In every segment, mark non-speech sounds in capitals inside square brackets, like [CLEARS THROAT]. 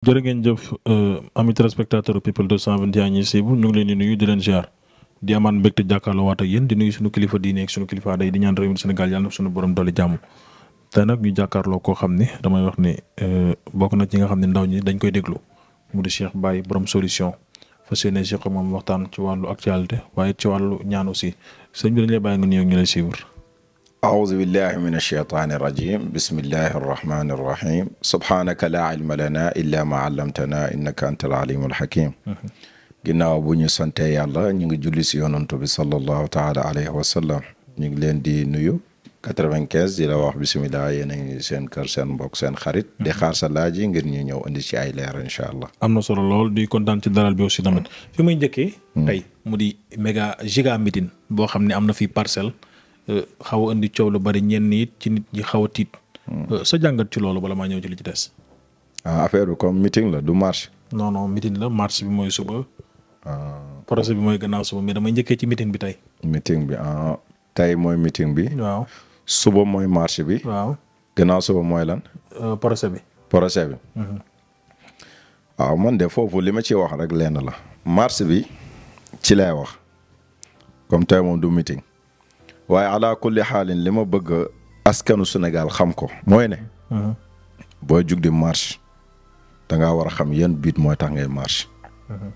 jërë ngeen jëf euh, ami téléspectateur people 221 ñi siibu ñu ngi leen di nuyu di leen ziar di amaat mbégte jàkkaarloo waat ak di nuyu suñu kilifa diine ak suñu kilifa day di ñaan réewum Sénégal yàlla na suñu borom dolli jàmm tey nag ñu jàkkaarloo koo xam ne damay wax ne euh, bokk na ci nga xam ne ndaw ñi dañ koy déglu mu di Cheikh Baye borom solution fas yéene Cheikh moom waxtaan ci wàllu actualité waaye ci wàllu ñaan aussi sëñ bi dañ lay bàyyi nga nuyu ñu lay suivre أعوذ بالله من الشيطان الرجيم بسم الله الرحمن الرحيم سبحانك لا علم لنا إلا ما علمتنا إنك أنت العليم ginnaaw bu ñu sante yàlla ñu ngi julli si yonantu bi sallallahu taala alayhi wa sallam ñu ngi leen di nuyu 95 di la wax bisimilah yéen a ngi seen kër seen mbokk seen xarit mhm. di xaar sa yi ngir ñu ñëw indi ci ay leer incha allah am na solo lool di kontaan ci dalal bi aussi mhm. may njëkkee mhm. tey mu di méga giga meeting boo xam ne am na fii parcelle Euh, xaw a indi coow lu bari ñenn it ci nit ñi xaw a tiit. Hmm. Euh, sa jàngat ci loolu bala maa ñëw ci li ci des. ah affaire bi comme meeting la du marche. non non la marche bi mooy suba. Ah. procès bi mooy gannaaw suba mais damay njëkkee ci meeting bi tey. meeting bi ah tey mooy meeting bi. waaw mooy marche bi. waaw gannaaw suba mooy lan. Euh, procès bi. procès bi. waaw mhm. ah, man de foofu li ma ci wax rek lenn la. marche bi ci lay wax comme tey moom du meeting. waaye ala kulli xaalin li ma bëgg askanu Sénégal xam ko mooy ne. Mhm. booy jug di marche da ngaa war a xam yan biit mooy tax ngay marche. Mhm.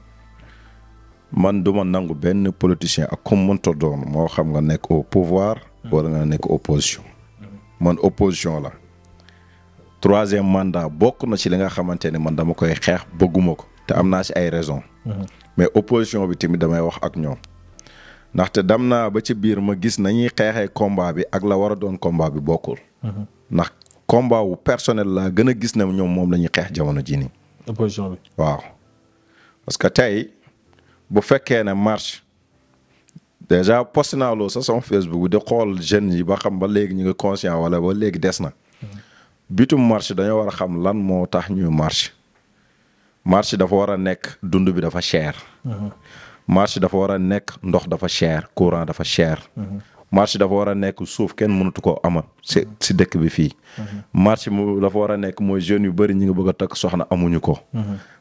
man duma nangu benn politicien ak comme mënta doon moo xam nga nekk au pouvoir. Mhm. wala nga nekk opposition. man opposition la. troisième mandat bokk na ci li nga xamante ne man dama koy xeex bëgguma ko te am naa si ay raison mais opposition bi tamit damay wax ak ñoom. ndaxte dem naa ba ci biir ma gis nañuy xeexee combat bi ak la war a doon combat bi bokkul. Mhm. ndax combat wu personnel laa gën a gis na ñoom moom la ñuy xeex jamono jii nii. opposition bi waaw. parce que tey bu fekkee ne marche déjà posté sa loolu sax sama Facebook di xool jeunes yi ba xam ba léegi ñu ngi conscient wala ba léegi des na. Mhm. bitum marche dañoo war a xam lan moo tax ñuy marche. marche dafa war a nekk dund bi dafa cher. Mhm. marché dafa war a nekk ndox dafa cher courant dafa cher. marché dafa war a nekk suuf kenn mënatu koo amal si si dëkk bi fii. marché mu dafa war a nekk mooy jeunes yu bëri ñi nga bëgg a takk soxna amuñu ko.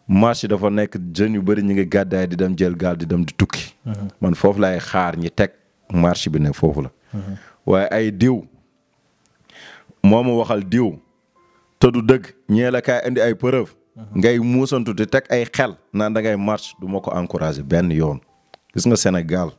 marché dafa nekk jeunes yu bëri ñi ngi gàddaay di dem jël gaal di dem di tukki. man foofu laay xaar ñi teg marché bi ne foofu la. waaye ay diw moo ma waxal diw te du dëgg ñee la indi ay preuve ngay muusantu di teg ay xel naan da ngay marche du ma ko encouragé benn yoon. gis nga Sénégal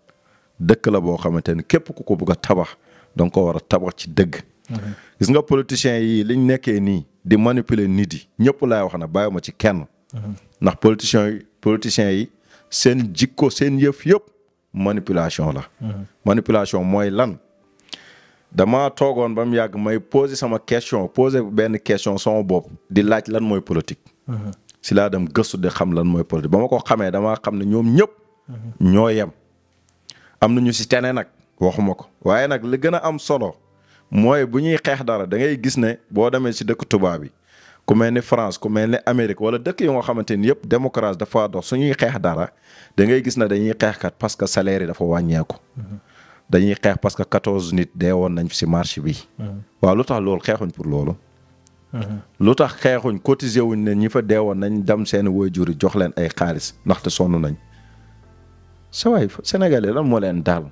dëkk la boo xamante ni képp ku ko bëgg a tabax danga ko war a tabax ci dëgg. Mhm. gis nga politiciens yi liñ nekkee nii di manipuler nit yi ñëpp laay wax na bàyyi ma ci kenn. Mhm. ndax politiciens yi politiciens yi seen jikko seen yëpp yëpp manipulation la. Mhm. manipulation mooy lan. dama toogoon ba mu yàgg may poser sama question poser benn question sama bopp di laaj lan mooy politique. si laa dem gëstu de xam lan mooy politique ba ma ko xamee damaa xam ne ñoom ñëpp. ñoo yem. am na ñu si tene nag waxuma ko waaye nag li gën a am solo mooy bu ñuy xeex dara da ngay gis ne boo demee si dëkk tubaab yi ku mel ni France ku mel ni Amérique wala dëkk yu nga xamante ni yëpp démocratie dafa dox su ñuy xeex dara da ngay gis ne dañuy xeex kat parce que salaire dafa wàññeeku. dañuy xeex parce que quatorze nit dee woon nañ si marché bi. Mm-hmm. waaw lu tax loolu xeexuñ pour loolu. lu tax xeexuñ cotisé wuñ ne ñi fa deewoon nañ dem seen waajur yi jox leen ay xaalis ndaxte sonn nañ sa waay sénégalais lan moo leen daal.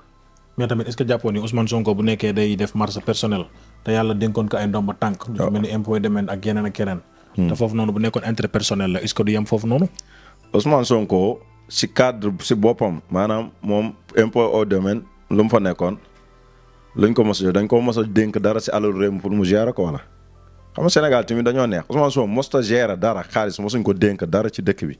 mais tamit est que jàppoon ni Ousmane Sonko bu nekkee day def marche personnelle te yàlla dénkoon ko ay ndomba tànk. waaw oh. mel ni impôt demeen ak yeneen ak yeneen. Hmm. te foofu noonu bu nekkoon intérêt personnel la est-ce que du yem foofu noonu. Ousmane Sonko si cadre si boppam maanaam moom impôt au domaine lu mu fa nekkoon luñ ko mos a dañ ko mos a dénk dara si alalu réew mi pour mu gérer ko wala. xam nga Sénégal tamit dañoo neex Ousmane Sonko mosta gérer dara xaalis mosuñ ko dénk dara ci dëkk bi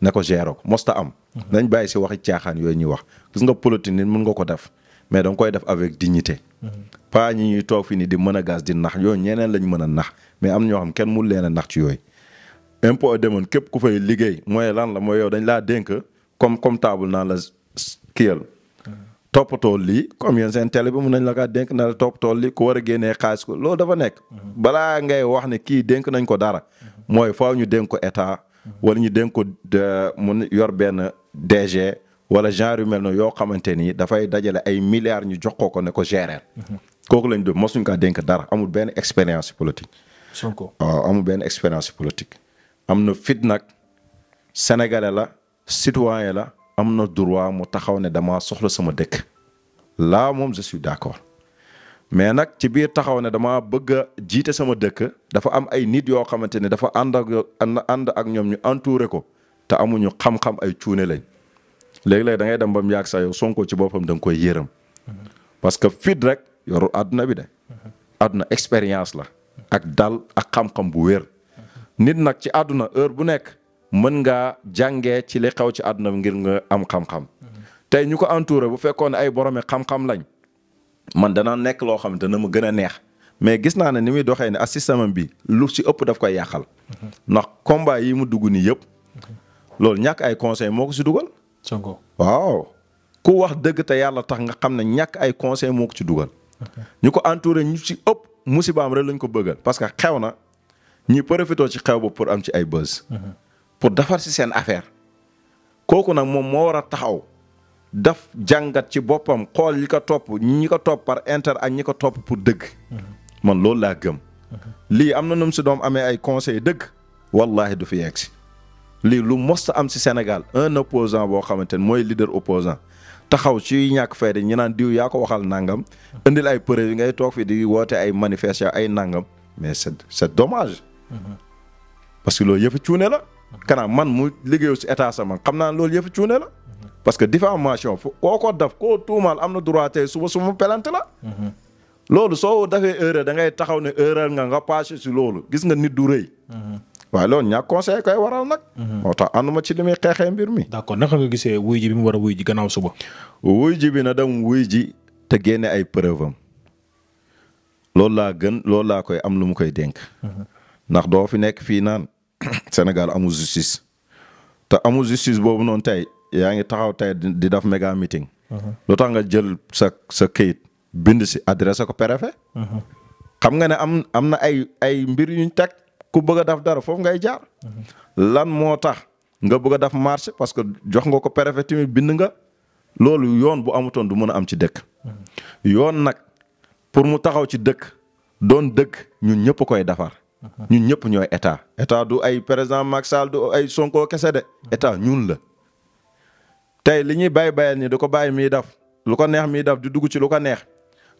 ne ko gérer ko mosta am. dañ mhm. bàyyi si waxi caaxaan yooyu ñuy wax gis nga politique nit mun nga ko def mais da koy def avec dignité. Mhm. pas ñi ñuy toog fi nii di mën a gaz di nax yooyu ñeneen lañ mën a nax mais am ñoo xam kenn mu leen a nax ci yooyu. impôt demoon képp ku fay liggéey mooy lan la mooy yow dañ laa dénk comme comme table naan la kiyal mhm. toppatoo lii comme yéen seen télé bi mun nañ la kaa dénk na la toppatoo lii ko war a génnee xaalis ko loo dafa nekk. balaa ngay wax ne kii dénk nañ ko dara. mooy faaw ñu dénk ko état. wala ñu dénk ko yor benn DG. wala genre yu mel noonu yoo xamante ni dafay dajale ay milliards ñu jox ko ko ne ko gérer. kooku lañ doon mosuñ kaa dénk dara amul benn expérience politique. Sonko waaw amul benn expérience politique. am na fit nag sénégalais la citoyen la. am na droit mu taxaw ne dama soxla sama dëkk laa moom je suis d'accord mais nag ci biir taxaw ne dama bëgg a jiite sama dëkk dafa am ay nit yoo xamante ne dafa ànd ak ànd ak ñoom ñu entouré ko te amuñu xam-xam ay cuune lañ léegi-léegi da ngay dem ba mu yàgg yow Sonko ci boppam da koy yërëm parce que fit rek yoru àdduna bi de àdduna expérience la ak dal ak xam-xam bu wér nit nag ci àdduna heure bu nekk mën ngaa jàngee ci li xew ci àdduna bi ngir nga am xam-xam tey ñu ko entouré bu fekkoon ay borome xam-xam lañ man dana nekk loo xam ne dana ma gën a neex mais gis naa ne ni muy doxee ne ak système bi lu si ëpp daf koy yàqal ndax combat yi mu dugg nii yëpp loolu ñàkk ay conseil moo ko si dugal Sonko waaw wax dëgg te yàlla tax nga xam ne ñàkk ay conseil moo ko ci dugal ñu ko entouré ñu si ëpp musibaam rek lañ ko bëggal parce que xew na ñi profité si xew ba pour am si ay buzz mhm. pour defar si seen affaire kooku nag moom moo war a taxaw def jàngat ci boppam xool li ko topp ñi ko topp par inter ak ñi ko topp pour dëgg. Mm-hmm. man loolu laa gëm. Mm-hmm. lii am na nu si doom amee ay conseil dëgg. wallahi du fi yegg si. lii lu mos am si Sénégal un opposant boo xamante ne mooy leader opposant taxaw ci ñàkk fayda ñi naan diw yaa ko waxal nangam. Mm-hmm. indil ay preuve yi ngay toog fi di woote ay manifestation ay nangam mais c'est dommage. parce que loolu yëpp cuune la. kanaa man mu liggéeyu si état sama xam naa loolu yëpp cuune la parce que diffamation koo ko daf koo tuumaal am na droit suba suba mu pelante la loolu soo dafee erreur da ngay taxaw ne erreur nga nga passé si loolu gis nga nit du rëy waaye loolu ñàkk conseil koy waral nag moo tax ànduma ci li muy xeexee mbir mi d'accord naka nga gisee wuy ji bi mu war wuy ji gannaaw suba wuy ji bi na dem wuy ji te génne ay preuve laa gën loolu laa koy am lu mu koy dénk ndax doo fi nekk fii naan [CLEARS THROAT] Sénégal amul justice te amul justice boobu noonu tey yaa ngi taxaw tey di def méga meeting. Uh-huh. lu tax nga jël sa sa këyit bind si adressé ko préfet. Uh-huh. xam nga ne am am na ay ay mbir yuñ teg ku bëgg a def dara foofu ngay jaar. Uh-huh. lan moo tax nga bëgg a def marché parce que jox nga ko préfet tamit bind nga loolu yoon bu amutoon du mën a am ci dëkk. yoon nag pour mu taxaw ci dëkk doon dëkk ñun ñëpp koy defar. ñun ñëpp ñooy état état du ay président Macky Sall du ay Sonko kese de état ñun la tey li ñuy bàyyi bàyyal ni du ko bàyyi mii daf lu ko neex mii daf di dugg ci lu ko neex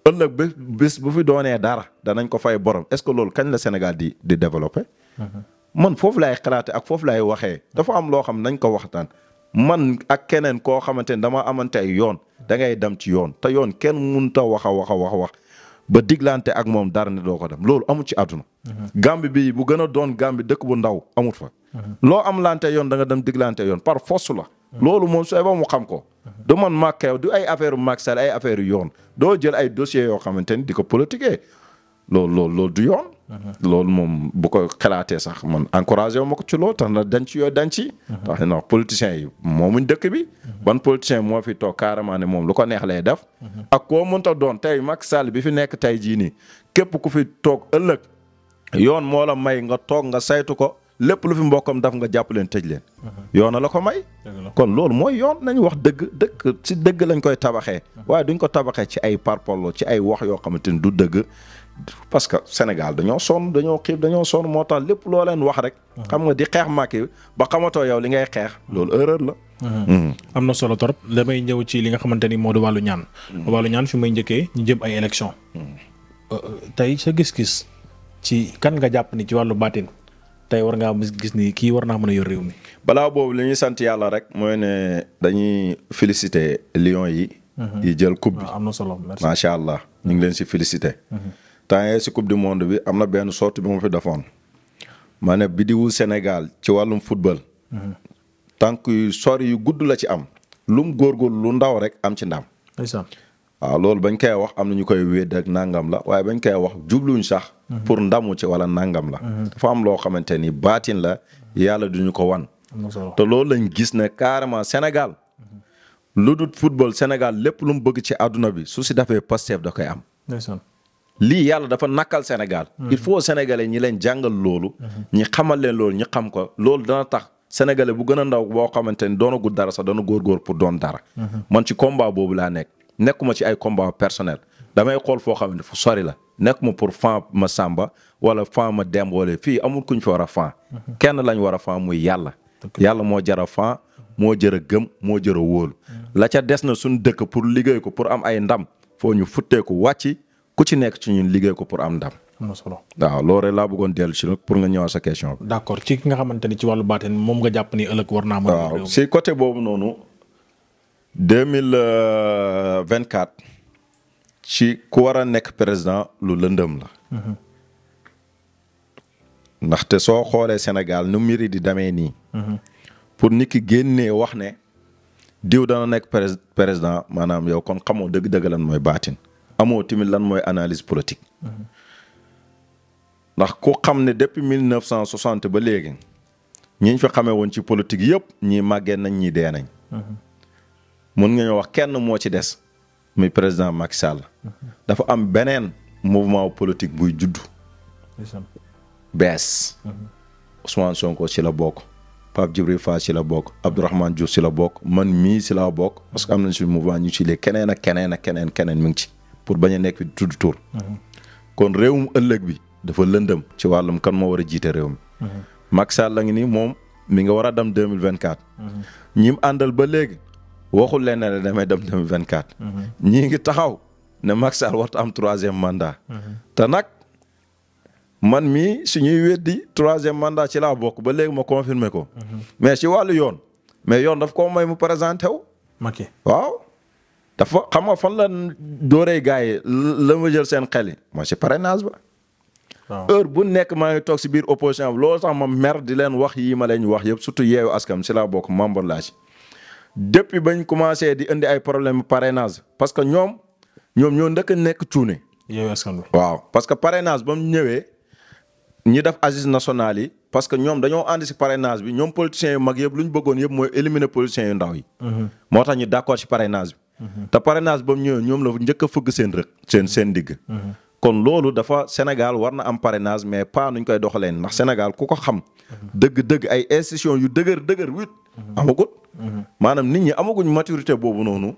ëllëg ba bés bu fi doonee dara danañ ko fay borom est-ce que loolu kañ la Sénégal di di développé man foofu laay xalaatee ak foofu lay waxee dafa am loo xam nañ ko waxtaan man ak keneen koo xamante ne dama amante ay yoon da ngay dem ci yoon te yoon kenn mun ta waxa a wax a wax ba diglante ak moom dara ne doo ko dem loolu amul ci àdduna gambi bi bu gën a doon gambi dëkk bu ndaw amut fa loo am lante yoon da nga dem diglante yoon par force la loolu moom su ba mu xam ko du man màkkeew du ay affaire Macky Sall ay affaire yoon doo jël ay dossiers yoo xamante ni di ko politiquer loolu loolu loolu du yoon Mhm. loolu moom bu ko xalaatee sax man encouragé wu ma ko ci loolu tax na denc yooyu denc. Mhm. tax na politiciens yi moomuñ dëkk bi. Mhm. ban politicien moo fi toog carrément ne moom lu ko neex lay def. ak koo mënta doon tey Macky Sall bi fi nekk tey jii nii képp ku fi toog ëllëg yoon moola may nga toog nga saytu ko. lépp lu fi mbokkam daf nga jàpp leen tëj leen. yoona la ko may. kon loolu mooy yoon nañu wax dëgg dëkk ci dëgg lañ koy tabaxee. waaye duñ ko tabaxee ci ay parpolo ci ay wax yoo xamante ni du dëgg. parce que Sénégal dañoo sonn dañoo xiif dañoo sonn moo tax lépp loo leen wax rek. xam nga di xeex Macky ba xamatoo yow li ngay xeex. loolu erreur la. Mm-hmm. am na solo trop torop may ñëw ci li nga xamante ni moo di wàllu ñaan. Mm-hmm. wàllu ñaan fi may njëkkee ñu jëm ay élection mm-hmm. euh, tey sa gis-gis ci kan nga jàpp ni ci wàllu baatin tey war ngaa gis ni kii war naa mën a yor réew mi. balaa boobu li ñuy sant yàlla rek mooy ne dañuy féliciter Lions yi. yi jël coupe bi ah, am na solo macha allah ñu ngi leen si temps yii si coupe du monde bi am na benn sorte bi ma fi defoon ma ne bidiwu Sénégal ci wàllum football. tànk yu sori yu gudd la ci am. lum góorgóorlu lu ndaw rek am ci ndam. waaw loolu bañ koy wax am nu ñu koy wédd ak nangam la waaye bañ koy wax jubluñ sax. Mhm. pour ndamu ci wala nangam la. Mhm. dafa am loo xamante ni baatin la yàlla duñu ko wan. te loolu lañ gis ne carrément senegal mhm. lu dul football Sénégal lépp lu mu bëgg ci àdduna bi su si dafee Pastef da koy am. lii yàlla dafa nakkal Sénégal. Hmm. il faut sénégalais ñi leen jàngal loolu. Hmm. ñi xamal leen loolu ñu xam ko loolu dana tax. sénégalais bu gën a ndaw boo xamante ni doon a gudd dara sax doon a góorgóor pour doon dara. Hmm. man ci combat boobu laa nekk nekkuma ci ay combat personnel damay xool foo xam ne fu sori la nekkuma pour fan ma samba wala fan ma demb fii amul kuñ fi war a fan. kenn lañ war a fan muy yàlla. yàlla moo jar a fan moo jër a gëm moo jër a wóolu. la ca des na suñu dëkk pour liggéey ko pour am ay ndam wàcc. ku ci nekk ci ñun liggéey ko pour am ndam. am solo waaw loolu rek laa bëggoon dellu si nag pour nga ñëwaat sa question bi. d' ci nga xamante ni ci wàllu baatin moom nga jàpp ni ëllëg war naa mën waaw si côté boobu noonu. 2024 ci ku war a nekk président lu lëndëm la. Mhm. ndaxte soo xoolee Sénégal nu mbir di demee nii. Mhm. pour nit ki génnee wax ne diw dana nekk président maanaam yow kon xamoo dëgg-dëgg lan mooy baatin. amoo tamit lan mooy analyse politique. ndax ku xam ne depuis mille neuf cent soixante ba léegi ñi ñu fi xamee woon ci politique yëpp ñii màggee nañ ñii dee nañ. mën nga ñoo wax kenn moo ci des muy président Macky Sall. dafa am beneen mouvement politique buy juddu bees. Mhm. Ousmane Sonko ci la bokk. Pape Djibril Fall ci la bokk Abdourahmane Diouf ci la bokk man mii ci laa bokk parce que am nañ suñu mouvement ñu ci léegi keneen ak keneen ak keneen keneen mi ngi ci. pour bañ nekk fi tudd tur kon réewum ëllëg bi dafa lëndëm ci wàllum kan moo war a jiite réew mi mhm. Macky la ngi ni moom mi nga war a dem 2024 mhm. ñim àndal ba léegi waxul leen ne la damay dem 2024 mhm. ñii ngi taxaw ne Macky Sall warta am troisième mandat te nag man mii suñuy weddi troisième mandat ci la bokk ba léegi ma confirmé ko mais ci wàllu yoon mais yoon daf ko may mu présenté wu dafa xam nga fan la dooree gars la ma jël seen xel moo mooy si parrainage ba. heure bu nekk maa ngi toog si biir opposition bi loolu sax ma mer di leen wax yii ma leen wax yëpp surtout yeewu askan si la bokk membre laa ci depuis bañ commencé di indi ay problème parrainage parce que ñoom ñoom ñoo ndëkk nekk cuune. yeewu askan bi waaw parce que parrainage ba mu ñëwee ñi def assises nationales yi parce que ñoom dañoo ànd si parrainage bi ñoom politiciens yu mag yëpp lu ñu bëggoon yëpp mooy éliminer politiciens yu ndaw yi. Mhm. moo tax ñu d'accord si parrainage bi. Mm-hmm. te parrainage ba mu ñëwee ñoom la njëkk a fëgg seen rëq seen seen digg. Mm-hmm. kon loolu dafa Sénégal war na am parrainage mais pas nuñ koy doxaleen ndax Sénégal ku ko xam. dëgg-dëgg mm-hmm. ay institutions yu dëgër dëgër wit amagut. maanaam nit ñi amaguñ maturité boobu noonu.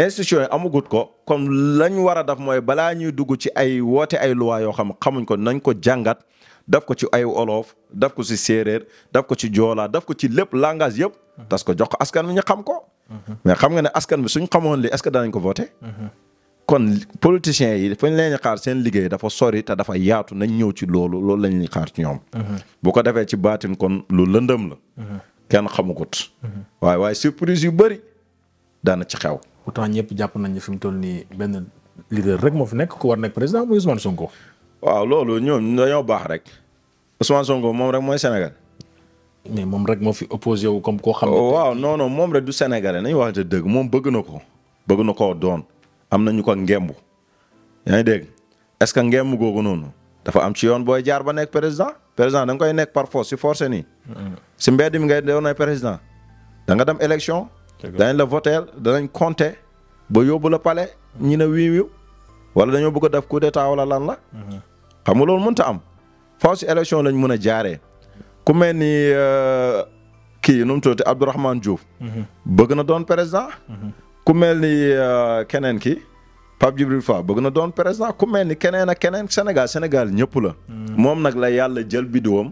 institution yi amagut ko comme lañ war a def mooy balaa ñuy dugg ci ay woote ay loi yoo xam xamuñ ko nañ ko jàngat daf ko ci ay olof daf ko ci séeréer daf ko ci joolaa daf ko ci lépp langage yëpp. tas ko jox xam ko. mais xam nga ne askan bi suñ xamoon li est-ce que danañ ko voté. kon politiciens yi fañ leen xaar seen liggéey dafa sori te dafa yaatu nañ ñëw ci loolu loolu lañ xaar ci ñoom. bu ko defee ci baatin kon lu lëndëm la. kenn xamugut. waaye waaye surprise yu bëri daan ci xew. pourtant ñëpp jàpp nañ ne fi mu tol nii benn leader rek moo fi nekk ko war nekk président muy Ousmane Sonko. waaw loolu ñoom dañoo baax rek Ousmane Sonko moom rek mooy Sénégal. mais moom rek moo fi opposé wu comme koo xam. Oh, waaw non moom rek du sénégalais nañu wax dëgg moom bëgg na ko. bëgg na koo doon am na ñu ko ngemb yaa ngi dégg est que ngemb googu noonu dafa am ci yoon booy jaar ba nekk président président da nga koy nekk par force si force nii. Mm-hmm. si mbedd mi ngay doon président da nga dem élection. danañ la voter danañ compter ba yóbbu la palais ñi ne wii wii wala dañoo bëgg a def coup d'état wala lan la. Mm-hmm. xam nga loolu mënta am faw si élection lañ mën a jaaree. ku mel ni euh, kii nu mu tuddati Abdourahmane mhm. bëgg na doon président. Mhm. ku mel ni euh, keneen ki Pape Djibril bëgg na doon président ku mel ni keneen ak keneen Sénégal Sénégal ñëpp la. Mhm. moom nag la yàlla jël biddiwam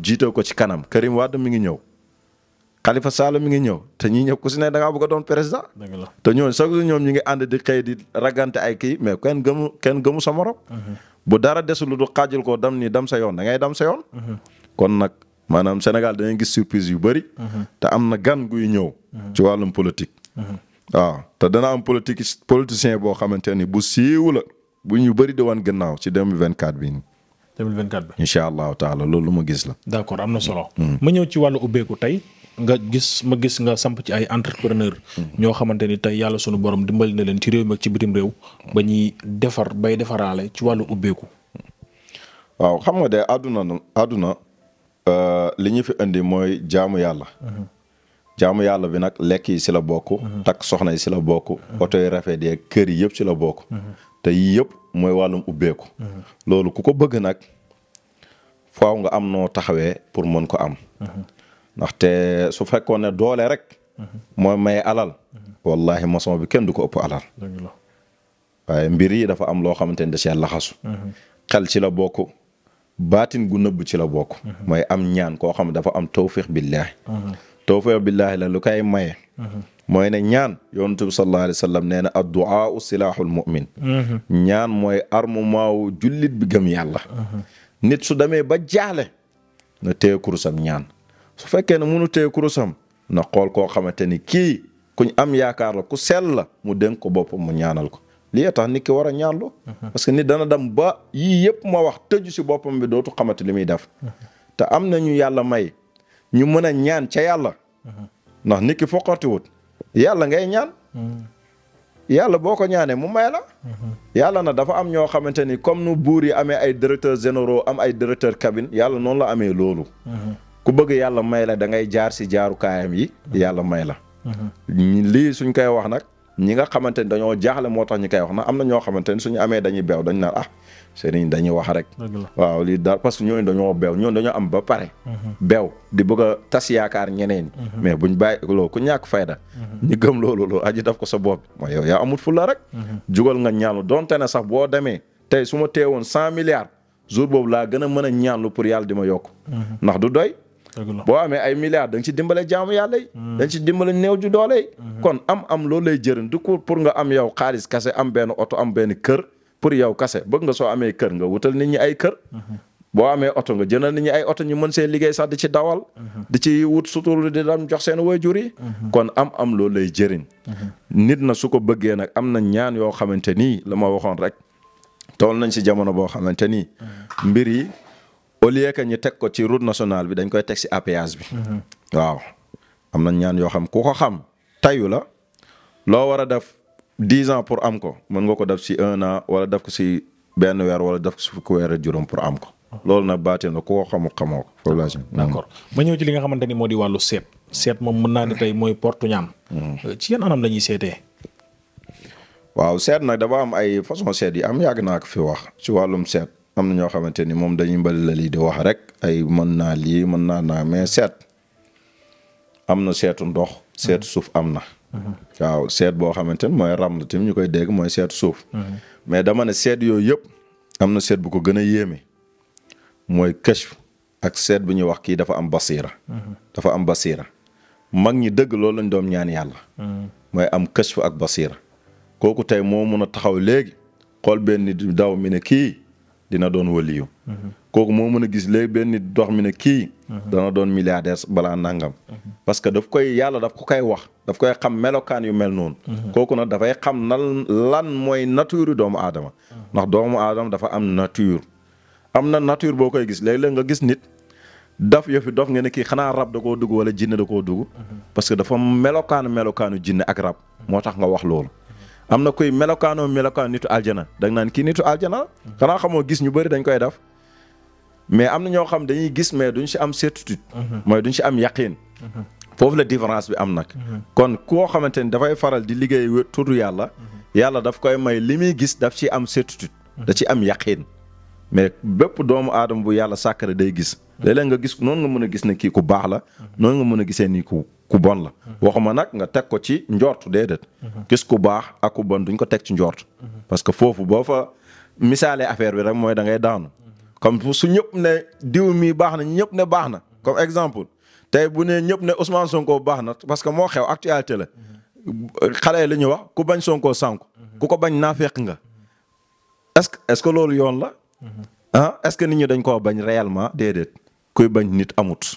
jitoo ko ci kanam Karim Wade mi ngi ñëw. Khalifa Sall mi ngi ñëw te ñii ñëpp ku si ne da ngaa bëgg doon président. te ñooñu sax ñoom ñu ngi ànd di xëy di ragante ay ki mais kenn gëmu kenn gëmu sa bu dara desul lu du xaajal ko dam ni dam sa yoon dangay ngay dam yoon. kon nag maanaam Sénégal danañ gis surprise yu bëri. Mhm. te am na gan guy ñëw. Mhm. ci wàllum politique. Mhm. waaw te dana am politique politicien boo xamante ni bu siiw la bu ñu bari di wan gannaaw ci 2024 bii. 2024 bi incha allahu taala loolu ma gis la. d' accord am na solo. Mm. ma ñëw ci wàllu ubbeeku tey. nga gis ma gis nga samp ci ay entrepreneur mm-hmm. ñoo xamante ni tey yàlla sunu borom dimbali na leen ci réew mi ci bitim réew. ba ñuy defar bay defaraale ci wàllu ubbeeku. waaw xam nga de àdduna àdduna Euh, li ñu fi indi mooy jaamu yàlla. jaamu yàlla bi nag lekk yi si bokk. takk soxna yi sila la bokk. oto yi rafet yi kër yi yëpp si la bokk. te yëpp mooy wàllum ubbeeku. loolu ku ko bëgg nag faaw nga am noo taxawee pour mën ko am. ndaxte su fekkoon ne doole rek. mooy maye alal. wallahi maçon bi kenn du ko ëpp alal. waaye mbir yi dafa am loo xamante ni da cee laxasu. Mhm. xel ci la bokk. baatin gu nëbb ci la bokk. Mhm. mooy am ñaan koo xam dafa am tawfiq billaahi. Mhm. tawfiq billaahi la lu koy maye. Mhm. mooy ne ñaan yonent bi sallallahu alayhi wa sallam nee na addu'aa silaahul mu'min ñaan mooy armement wu bi gëm yàlla. nit su demee ba jaale. na téye ñaan su fekkee ne munu téye kurusam na xool koo xamante ni kii kuñ am yaakaar la ku sell la mu dénk ko boppam mu ñaanal ko. lii tax nit ki war a ñaarlu parce que nit dana dem ba yii yëpp ma wax tëju si boppam bi dootu xamati li muy def te am na ñu yàlla may ñu mën a ñaan ca yàlla ndax nit ki foqatiwut yàlla ngay ñaan yàlla boo ko ñaanee mu may la yàlla na dafa am ñoo xamante ni comme nu buur yi amee ay directeurs généraux am ay directeur cabine yàlla noonu la amee loolu ku bëgg yàlla may la da ngay jaar si jaaru kaayam yi yàlla may la mhm. lii suñ koy wax nag ñi nga xamante ni dañoo jaaxle moo wax na am na ñoo xamante ni suñu amee dañuy beew dañu naan ah sëriñ dañuy wax rek waaw lii daal parce que ñooñu dañoo beew mhm. di bëgg a tas yaakaar ñeneen mhm. mais bu bàyyi loolu ku ñàkk fayda mhm. ñu gëm loolu loolu aji daf ko sa bopp mooy yow yaa amut fulla rek jugal nga ñaanu donte ne sax boo demee tey su ma teewoon cent milliards jour boobu laa gën a mën a ñaanlu pour yàlla di ma yokk ndax du doy boo amee ay milliards da nga ci dimbale jaamu yàlla yi da nga ci dimbale néew ju doole kon am-am loolu lay jëriñ du ko pour nga am yow xaalis kase am benn oto am benn kër pour yow kase bëgg nga soo amee kër nga wutal nit ñi ay kër. boo amee oto nga jënal nit ñi ay oto ñu mën seen liggéey sax di ci dawal. di ci wut sutur di dam jox seen waajur yi. kon am-am loolu lay jëriñ. nit na su ko bëggee nag am na ñaan yoo xamante ni la ma waxoon rek. tool nañ si jamono boo xamante ni. mbir yi au lieu que ñu teg ko ci route national bi dañ koy teg si APS bi. Mm-hmm. waaw am na ñaan yoo xam ku ko xam. tayu la loo war a def dix ans pour am ko mën nga ko def si un an wala def ko si benn weer wala def ko si fukki weer juróom pour am ko. loolu nag baatin la koo xamu xamoo ko. foofu laa si mm-hmm. d'accord ma ñëw ci li nga xamante ni moo di wàllu seet. seet moom mën naa ne tey mooy portu ñaam. Mm-hmm. ci yan anam la ñuy seetee. waaw seet nag dafa am ay façon seet yi am yàgg naa fi wax si wàllum seet am na ñoo xamante ni moom dañuy mbali la lii di wax rek ay mën naa lii mën naa naa mais seet am na seetu ndox. seet mhm. suuf am na. Mhm. waaw seet boo xamante ni mooy ram tim ñu koy dégg mooy seet suuf. Mhm. mais dama ne seet yooyu yëpp am na seet bu ko gën a yéeme mooy kashf ak seet bu ñuy wax kii dafa am basiira. dafa am basiira mag ñi dëgg loolu lañ doom ñaan yàlla. mooy am kashf ak basiira kooku tey moo mun a taxaw léegi xool benn daw mi ne kii dina doon waliyu kooku moo mën a gis léegi benn nit dox mi ne kii. Uh-huh. dana doon milliardaire balaa nangam. Uh-huh. parce que daf koy yàlla daf ko koy wax daf koy xam melokaan yu mel noonu. Uh-huh. kooku nag dafay xam nan lan mooy nature doomu aadama. ndax doomu aadama dafa am nature. am na nature boo koy gis léeg-léeg nga gis nit daf yëfi dof nga ne kii xanaa rab da koo dugg wala jinne da koo dugg. parce que dafa melokaanu melokaanu jinne ak rab moo tax nga wax loolu. am na kuy melokaanoo melokaan nitu aljana da naan kii nitu aljana xanaa xamoo gis ñu bëri dañ koy def mais am na ñoo xam dañuy gis mais duñ si am certitude. Mhm. mooy duñ si am yaqin. Mhm. foofu la différence bi am nag. Mhm. kon koo xamante ni dafay faral di liggéey tudd yàlla. yàlla daf koy may li muy gis daf ci am certitude. da ci am yaqin. mais bépp doomu aadama bu yàlla sàkkare day gis. léeg nga gis noonu nga mën a gis ne kii ku baax la. noonu nga mën a gisee nii ku bon la. waxuma nag nga teg ko ci njort déedéet. gis ku baax ak ku bon duñ ko teg ci njoort parce que foofu boo fa misaalee affaire bi rek mooy da daanu. comme su ñëpp ne diw mii baax na ñëpp ne baax na comme exemple tey bu nee ñëpp ne Ousmane Sonko baax na parce que moo xew actualité la xale yi li ñuy wax ku bañ Sonko sànku ku ko bañ naafeq nga est-ce que est-ce que loolu yoon la ah est-ce que nit ñi dañ koo bañ réellement déedéet kuy bañ nit amut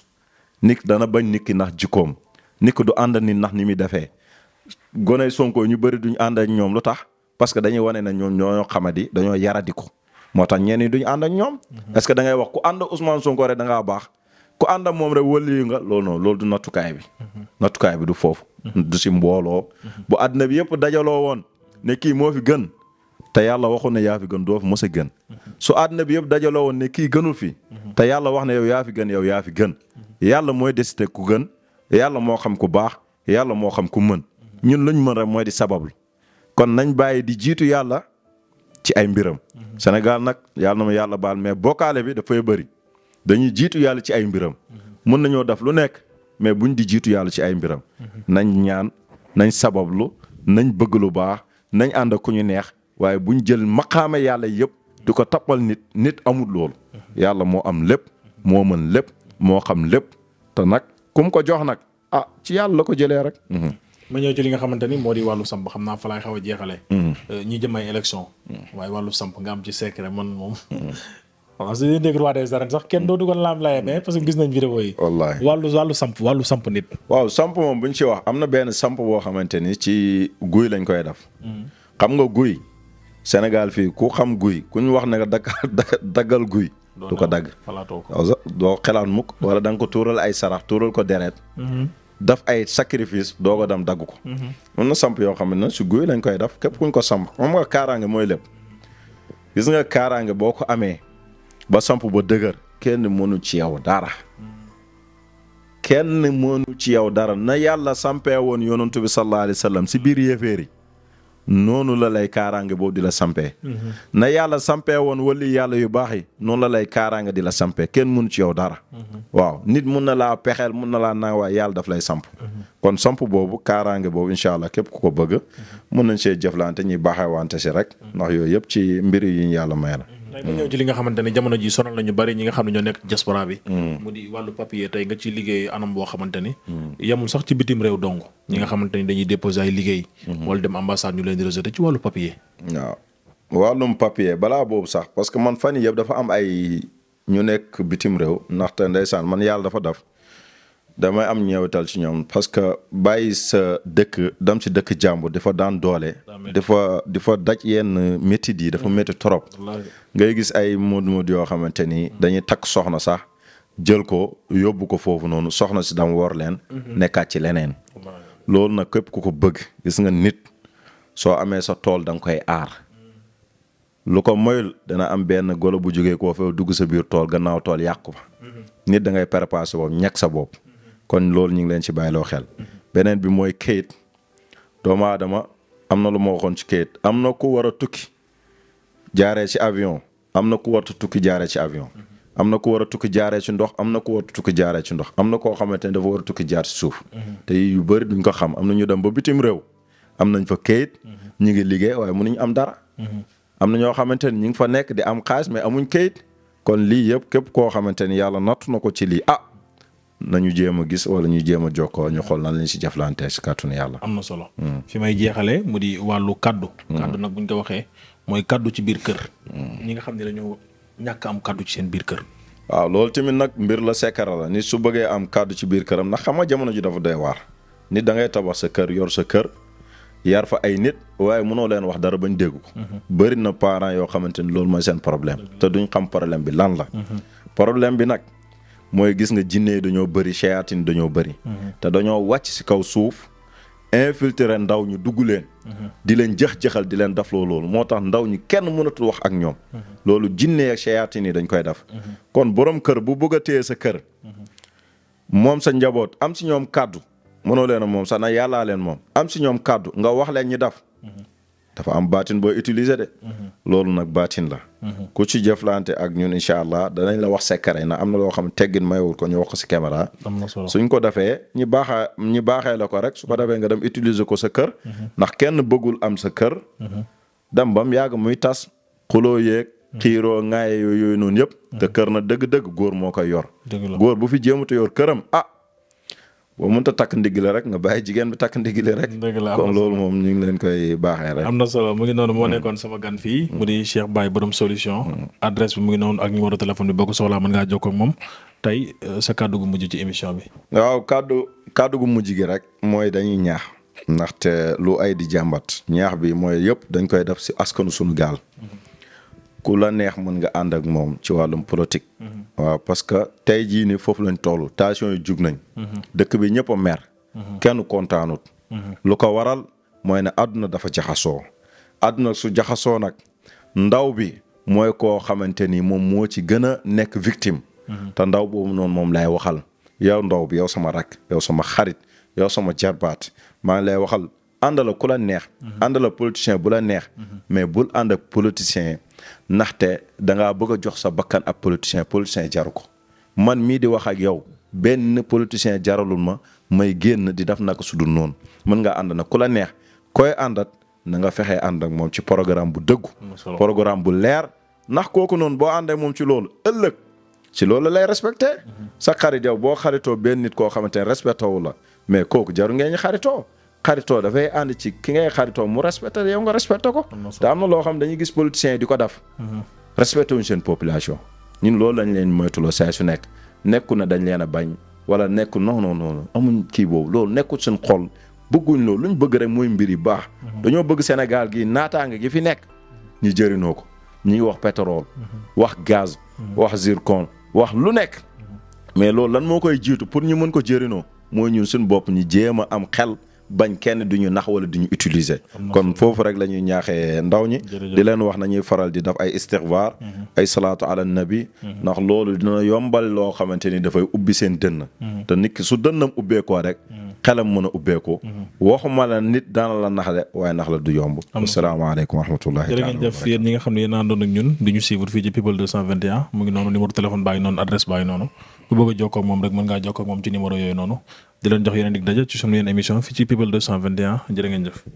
nit dana bañ nit ki ndax jikkoom nit ki du ànd nit ndax ni muy defee gone Sonko ñu bëri duñ ànd ak ñoom lu tax parce que dañuy wane ne ñoom ñoo xamadi dañoo yaradi moo tax ñenn ñi duñ ànd ak ñoom. Mhm. est-ce que da ngay wax ku ànd Ousmane Sonko rek da baax ku ànd ak moom rek wëliyu nga loolu loolu du nattukaay bi. Mhm. nattukaay bi du foofu. Mhm. du si mbooloo. bu àddina bi yëpp dajaloo woon ne kii moo fi gën. te yàlla waxu ne yaa fi gën doo fi mos gën. su àddina bi yëpp dajaloo woon ne kii gënul fi. te yàlla wax ne yow yaa fi gën yow yaa fi gën. yàlla mooy décider ku gën. yàlla moo xam ku baax yàlla moo xam ku mën. ñun luñ mën rek mooy di sabablu kon nañ bàyyi di jiitu yàlla ci ay mbiram. Sénégal nag yàlla na ma yàlla baal mais bokkaale bi dafay bëri dañuy jiitu yàlla ci ay mbiram. mën nañoo def lu nekk mais buñ di jiitu yàlla ci ay mbiram. nañ ñaan nañ sabablu nañ bëgg lu baax nañ ànd ku ñu neex waaye buñ jël maqaame yàlla yëpp du ko tappal nit nit amul loolu. yàlla moo am lépp moo mën lépp moo xam lépp te nag kum ko jox nag ah ci yàlla la ko jëlee rek. ma ñëw ci li nga xamante ni moo di wàllu samp xam naa fa laay a jeexalee. Mm. Euh, ñi jëm ay élection mm. waaye wàllu samp nga am ci secret man moom. Mm. [LAUGHS] waaw su ñuy dégg roi des arènes sax kenn dootu ko laam laayee mais parce que gis nañ vidéo yi. wallaahi wàllu wàllu samp wàllu samp nit. waaw samp moom bu ñu ci wax am na benn samp boo xamante ni ci guy lañ koy def. xam nga guy. Sénégal fii ku xam guy ku ñu wax ne daggal [LAUGHS] daggal guy. du ko dagg. doo xelaat mukk wala da nga ko tuural ay sarax tuural ko deret mm-hmm. daf ay sacrifice doog a dem dagg ko. mën mhm. na samp yoo xam ne su góoy lañ koy def képp kuñ ko samp xam nga kaaraange mooy lépp. gis nga kaaraange boo ko amee ba samp ba dëgër kenn mënu ci yaw dara. kenn mënu ci yow dara na yàlla sampee woon yonantu bi sallallahu alayhi wa sallam si biir yéeféer yi nonu la lay kaaraange boobu di la sampee na yàlla sampe woon wali yàlla yu baax yi noonu la lay kaaraange di la sampee kenn mënu ci yow dara waaw nit mun na laa pexeel mun na laa naa waaye yàlla daf lay samp kon samp boobu kaaraange boobu incha allah képp ku ko bëgg mun nañ see jëflante ñuy baaxee wante si rek ndax yooyu yëpp ci mbir yi ñu yàlla may tey ba ñëw ci li nga xamante ne jamono ji sonal nañu bari ñi nga xam ne ñoo nekk diaspora bi mm. mu di wàllu papier tey nga ci liggéey anam boo xamante ni mm. yemul sax ci bitim réew dong ñi nga mm. xamante ni dañuy déposer ay liggéey mm-hmm. wala dem ambassade ñu leen di rejeté ci wàllu papier waaw wàllum papier balaa boobu sax parce que man fan yëpp dafa am ay ñu nekk bitim réew ndaxte ndeysaan man yàlla dafa def damay am ñeewital ci ñoom parce que bàyyi sa dëkk dam si dëkk jàmbur dafa daan doole. dafa dafa daj yenn métit yi dafa métti trop. ngay gis ay mud-mud yoo xamante ni mm-hmm. dañuy takk soxna sax jël ko yóbbu ko foofu noonu soxna si dam woor leen. Mm-hmm. nekkaat ci leneen. loolu nag képp ku ko bëgg gis nga nit soo amee sa tool da nga koy aar. Mm-hmm. lu ko moyul dana am benn golo bu jógee koo fa dugg sa biir tool gannaaw tool yàqu ba. nit da ngay préparer sa bopp sa bopp. kon loolu ñu ngi leen ci bàyyiloo xel beneen bi mooy kayit doomu aadama am na lu ma waxoon ci kayit am na ku war a tukki jaaree ci avion am na ku war tukki jaaree ci avion am na ku war a tukki jaaree ci ndox am na ku war tukki jaaree ci ndox am na koo xamante ne dafa tukki jaar ci suuf te yu bëri duñ ko xam am na ñu dem ba bitim réew am nañ fa kayit ñu ngi liggéey waaye mënuñ am dara am na ñoo xamante ne ñu ngi fa nekk di am xaalis mais amuñ kayit kon lii yëpp képp koo xamante ni yàlla nattu na ko ci lii ah nañu jéem a gis wala ñu jéem a jokkoo ñu xool na lañ si jaflante si kàttanu yàlla. am na solo. Hmm. fi may jeexalee mu di wàllu kàddu hmm. kaddu nag ñu ko waxee mooy kaddu ci biir kër. Hmm. ñi nga xam ne dañoo ñàkk am kaddu ci seen biir kër. waaw loolu tamit nag mbir la sekkara la nit su bëggee am kaddu ci biir këram ndax xam jamono ji dafa doy waar nit dangay ngay tabax sa kër yor sa kër yar fa ay nit waaye mënoo leen wax dara bañ dégg ko. bëri na parent yoo xamante ni loolu mooy seen problème te duñ xam problème bi lan la. problème bi nag mooy gis nga jinne yi dañoo bëri shayatin dañoo bëri. Mhm. te dañoo wàcc si kaw suuf infiltrer ndaw ñu dugg leen. Mhm. di leen jëx-jëxal di leen def loolu moo tax ndaw ñi kenn mënatul wax ak ñoom. Mhm. loolu jinne ak shayatin yi dañ koy def. kon boroom kër bu bëgg a téye sa kër. moom sa njaboot am si ñoom kàddu mënoo leen moom sax na yàllaa leen moom am si ñoom kàddu nga wax leen ñi def. dafa am baatin booy utiliser de. loolu nag baatin la. ku ci jëflante ak ñun incha allah danañ la wax secret na am na loo xam teggin mayewul ko ñu wax ko si caméra. am na solo suñ ko defee ñi baaxa ñi baaxee la ko rek su ko defee nga dem utiliser ko sa kër. ndax kenn bëggul am sa kër. dem bam yàgg muy tas xuloo yeeg. xiiroo ngay yooyu noonu yëpp. te kër na dëgg-dëgg góor moo koy yor. góor bu fi jéemut a yor këram ah boo mënta takk ndigg la rek nga bàyyi jigéen bi takk ndigg la rek. loolu moom ñu leen koy baaxee rek. am na solo mu ngi noonu moo mm. nekkoon sama gan fii. Mm. mu di Cheikh ba borom solution. Mm. adresse bi mu ngi noonu ak numéro téléphone bi boo ko soxlaa mën ngaa jokkoo ak moom tey euh, sa kàddu mujj ci émission bi. waaw kàddu kàddu gu mujj gi rek mooy dañuy ñaax. ndaxte lu ay di jàmbat. ñaax bi mooy yëpp dañ koy def si askanu sunu gaal. Mm-hmm. ku la neex mën nga ànd ak moom ci wàllum politique. Mhm. waaw parce que tey jii nii foofu lañ toll tension yi jug nañ. Mhm. dëkk bi ñëpp a mer. Mhm. kenn kontaanut. lu ko waral mooy na àdduna dafa jaxasoo. àdduna su jaxasoo nag ndaw bi mooy ko xamante ni moom moo ci gën a nekk victime. te ndaw boobu noonu moom lay waxal. yow ndaw bi yow sama rak yow sama xarit yow sama jarbaat maa lay waxal àndala ku la neex. àndala politicien bu la neex. mais bul ànd politicien ndaxte da ngaa bëgg a jox sa bakkan ab politicien politicien jaru ko man mii di wax ak yow benn politicien jaralul ma may génn di def naka su dul noonu mën nga ànd nag ku la neex koy àndat na nga fexee ànd ak moom ci programme bu dëggu. programme bu leer ndax kooku noonu boo àndee moom ci loolu ëllëg si loolu lay respecté. Mhm. sa xarit yow boo xaritoo benn nit koo xamante ne respecté wu la mais kooku jaru ngeen xaritoo. xaritoo dafay ànd ci ki ngay xaritoo mu respecté yow nga respecté ko. te am na loo xam dañuy gis politiciens yi di ko def. Mhm. respecté wuñ seen population. ñun loolu lañ leen moytuloo saa su nekk nekku na dañ leen a bañ wala nekku non non non amuñ kii boobu loolu nekkul seen xol bëgguñ loolu luñ bëgg rek mooy mbir yu baax. Mhm. dañoo bëgg Sénégal gi naataange gi fi nekk ñu jëriñoo ko ñu wax pétrole. Mhm. wax gaz. wax zircon wax lu nekk. mais loolu lan moo koy jiitu pour ñu mën ko jëriñoo mooy ñun suñu bopp ñu jéem a am xel. bañ kenn du ñu nax wala duñu ñu utiliser. kon foofu rek la ñuy ñaaxee ndaw ñi. di leen wax nañuy faral di daf ay istixfaar. Mhm. ay salaatu ala nabi. Mhm. ndax loolu dina yombal loo xamante ni dafay ubbi seen dënn. Mhm. te nit su dënnam ubbeekoo rek. xelam mën a ubbeekoo. waxuma la nit daana la nax de waaye nax la du yomb. am na solo asalaamaaleykum wa rahmatullahi. jërë ngeen jëf yéen ñi nga xam ne yéen a àndoon ak ñun di ñu suivre moom rek mën ngaa jokkoo ak moom ci numéro yooyu noonu di leen jox yeneen dig daje ci sunu yeneen émission fii ci people 221 jërë ngeen jëf.